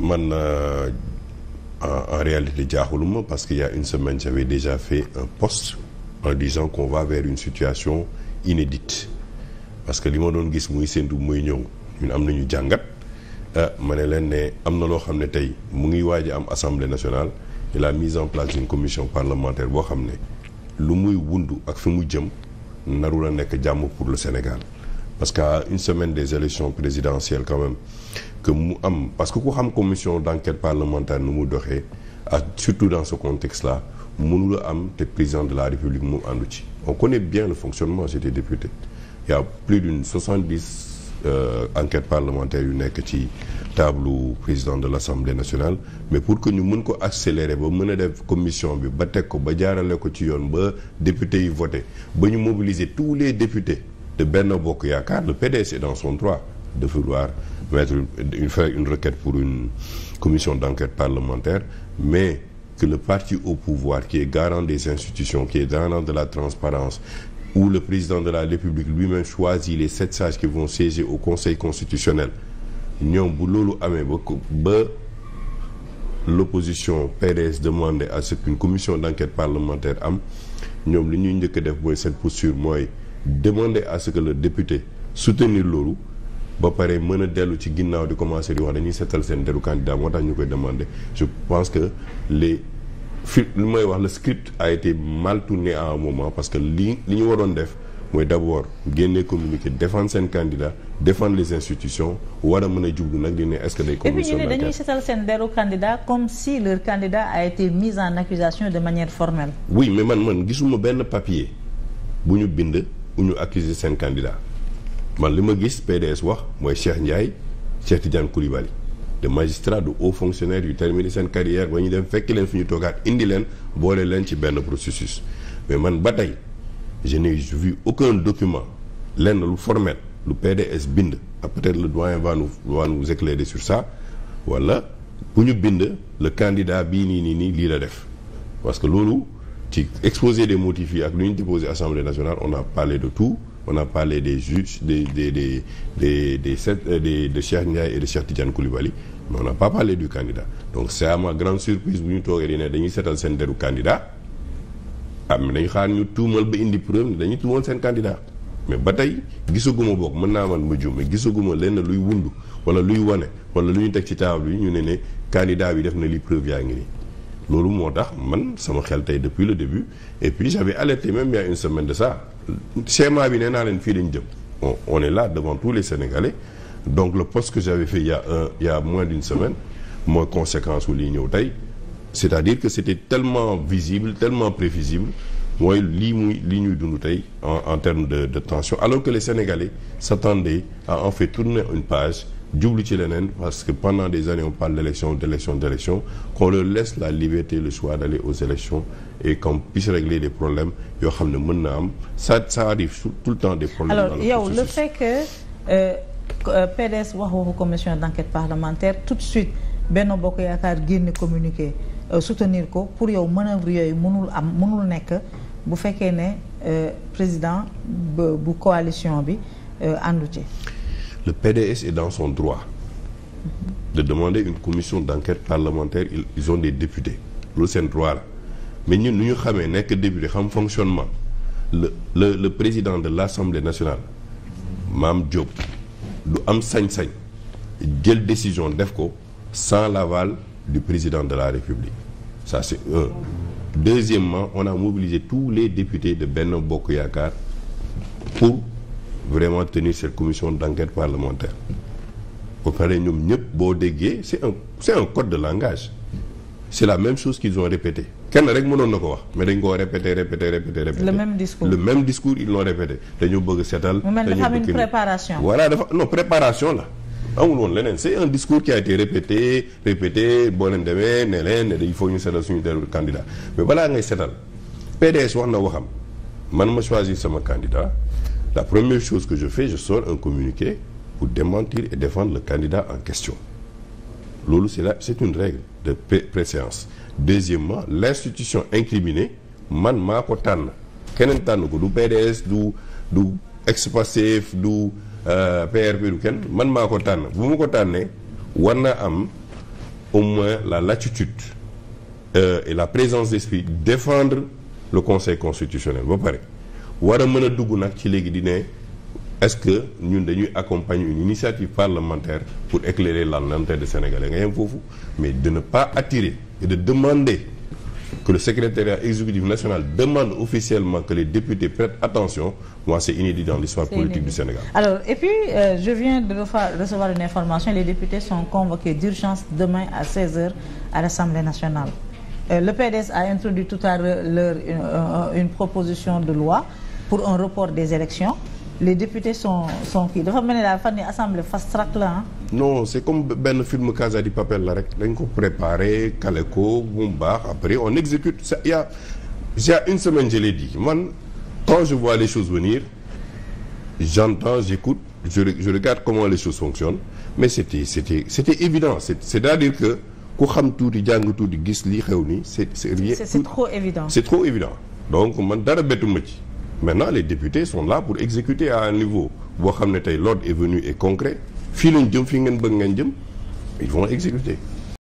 man euh, en, en réalité jaaxuluma parce que y a une semaine j'avais déjà fait un post en disant qu'on va vers une situation inédite parce que li ma doon gis muy séntu muy ñëw ñun am nañu jàngat euh, ma ne leen ne am na loo xam ne tey mu ngi waaj am assemblée nationale et la mise en place d'une commission parlementaire boo xam ne lu muy wund ak fi mu jëm naru la nekk jàmm pour le Sénégal parce que une semaine des élections présidentielles quand même mu am parce que ku xam commission d'enquête parlementaire nu mu doxee ak surtout dans ce contexte-là mënula am te président de la République mu àndu ci on connaît bien le fonctionnement j'étais député il y a plus d'une soixante-dix euh, enquête parlementaire yu nekk ci tableau président de l'Assemblée nationale mais pour que ñu mun ko accélérer ba mën a def commission bi ba teg ko ba jaarale ko ci yoon ba député yi voté ba ñu mobiliser tous les députés de Benno Bokk Yaakaar le PDS est dans son droit de vouloir mettre une faire une requête pour une commission d'enquête parlementaire mais que le parti au pouvoir qui est garant des institutions qui est garant de la transparence où le président de la République lui-même choisit les sept sages qui vont siéger au Conseil constitutionnel ñoom bu loolu amee ba ba l'opposition PDS demandait à ce qu'une commission d'enquête parlementaire am ñoom li ñuy njëkk a def mooy seen posture mooy demander à ce que le député soutenir loolu ba pare mën a dellu ci ginnaaw di commencer di wax dañuy seetal seen deru candidat moo tax ñu koy demander je pense que le fi lu may wax le script a été mal tourné à un moment parce que li li ñu waroon def mooy d'abord génne communiqué défendre seen candidat défendre les institutions war a mën a jublu nag di ne est-ce que day. commission et puis ñu seen deru candidat comme si leur candidat a été mis en accusation de manière formelle. oui mais man man gisuma benn papier bu ñu bind. ou ñu accuser seen candidat man li ma gis PDS wax mooy Cheikh Ndiaye Cheikh Tidiane Koulibaly de magistrat de haut fonctionnaire yu terminé seen carrière ba ñu dem fekki leen fu ñu toogaat indi leen boole leen ci benn processus mais man ba tey je n'ai vu aucun document lenn lu formel lu PDS bind ah peut-être le doyen u nous va nous éclairer sur ça wala bu ñu bind le candidat bii nii nii nii lii la def parce loolu ci exposé des motifs ak lu ñu déposé assemblée nationale on a parlé de tout on a parlé des juges des des des des des des euh, des de Cheikh Ndiaye et de Cheikh Tidiane Koulibaly mais on n'a pas parlé du candidat donc c'est à ma grande surprise bu ñu toogee di ne dañuy seetal seen deru candidat am ah, dañ xaar ñu tuumal ba indi preuve ne dañuy tuumal seen candidat mais ba tey gisaguma bokk mën naa man ma juum mais gisaguma lenn luy wund wala luy wane wala lu ñu teg ci table yi ñu ne ne candidat bi def na li preuve yaa ngi loolu moo tax man sama xel tey depuis le début et puis j'avais alerté même il a une semaine de ça schéma bi nee naa leen fii lañ jëm on on est là devant tous les Sénégalais donc le poste que j'avais fait il a un il y a moins d'une semaine mooy conséquence wu lii ñëw tey c'est-à-dire que c'était tellement visible tellement prévisible mooy lii muy lii ñuy dund tey en en termes de de tension alors que les Sénégalais s'attendaient à en fait tourner une page jublu ci leneen parce que pendant des années on parle d'élection d'élection d'élection qu'on leur laisse la liberté le choix d'aller aux élections et qu'on puisse régler des problèmes yoo xam ne mën na am ça ça arrive tout le temps des problèmes alors yow le fait que euh, wax euh, waxu commission d'enquête parlementaire tout de suite Benno Bokk Yaakaar génn communiqué euh, soutenir ko pour yow manœuvre yooyu mënul am mënul nekk bu fekkee ne euh, président bu coalition bi àndu ci le PDS est dans son droit de demander une commission d'enquête parlementaire ils ont des députés lu seen droit la mais ñun nu ñu xamee nekk député xam fonctionnement le le le président de l'Assemblée nationale maam Diop du am sañ-sañ jël décision def ko sans l'aval du président de la République ça c'est un deuxièmement on a mobilisé tous les députés de benn Bokk Yaakaar vraiment tenir cette commission d'enquête parlementaire ba pare ñoom ñëpp boo déggee c'est un c'est un code de langage c'est la même chose qu'ils ont répété kenn rek mënoon na ko wax mais dañ koo répété répété répété répété. le même discours le même discours ils l'ont répété dañu bëgg setal. dañu dafa am une préparation. voilà dafa non préparation la. amul woon leneen c'est un discours qui leen demee ne leen ne il ñu setal suñu dellu candidat mais balaa ngay setal PDS wax na waxam man ma choisir sama candidat. La première chose que je fais, je sors un communiqué pour démentir et défendre le candidat en question. Loolu, c'est là, c'est une règle de préséance. Deuxièmement, l'institution incriminée, man maa ko tànn keneen tànn ko du PDS du du ex du PRP euh, du kenn man maa ko tànn bu ma ko tànne war naa am au moins la latitude euh, et la présence d'esprit défendre le Conseil constitutionnel ba pare war a mën a dugg nag ci léegi di ne est-ce que ñun dañuy accompagner une initiative parlementaire pour éclairer la lanterne des Sénégalais nga yem foofu mais de ne pas attirer et de demander que le secrétariat exécutif national demande officiellement que les députés prêtent attention moi c'est inédit dans l'histoire politique inédit. du Sénégal alors et puis euh, je viens de recevoir une information les députés sont convoqués d'urgence demain à 16 euh, le PDS a introduit euh, euh, de loi pour un report des élections les députés sont sont kii dafa mel ni daal fan yii assemblée fast track la non c' comme benn film Casa di Papel la rek dañ ko préparé kale ko bu après on exécute ça a j' une semaine je l' dit man quand je vois les choses venir j'entends j'écoute je je regarde comment les choses fonctionnent mais c' était c' était c' était évident c' est, à dire que ku xam tuuti jàng tuuti gis lii xew nii c' est c' est. c' est trop évident c' trop évident donc man dara bettu ma ci. maintenant les députés sont là pour exécuter à un niveau boo xam ne tey l'ordre est venu et concret fii lañ jëm fii ngeen bëgg ngeen jëm ils vont exécuter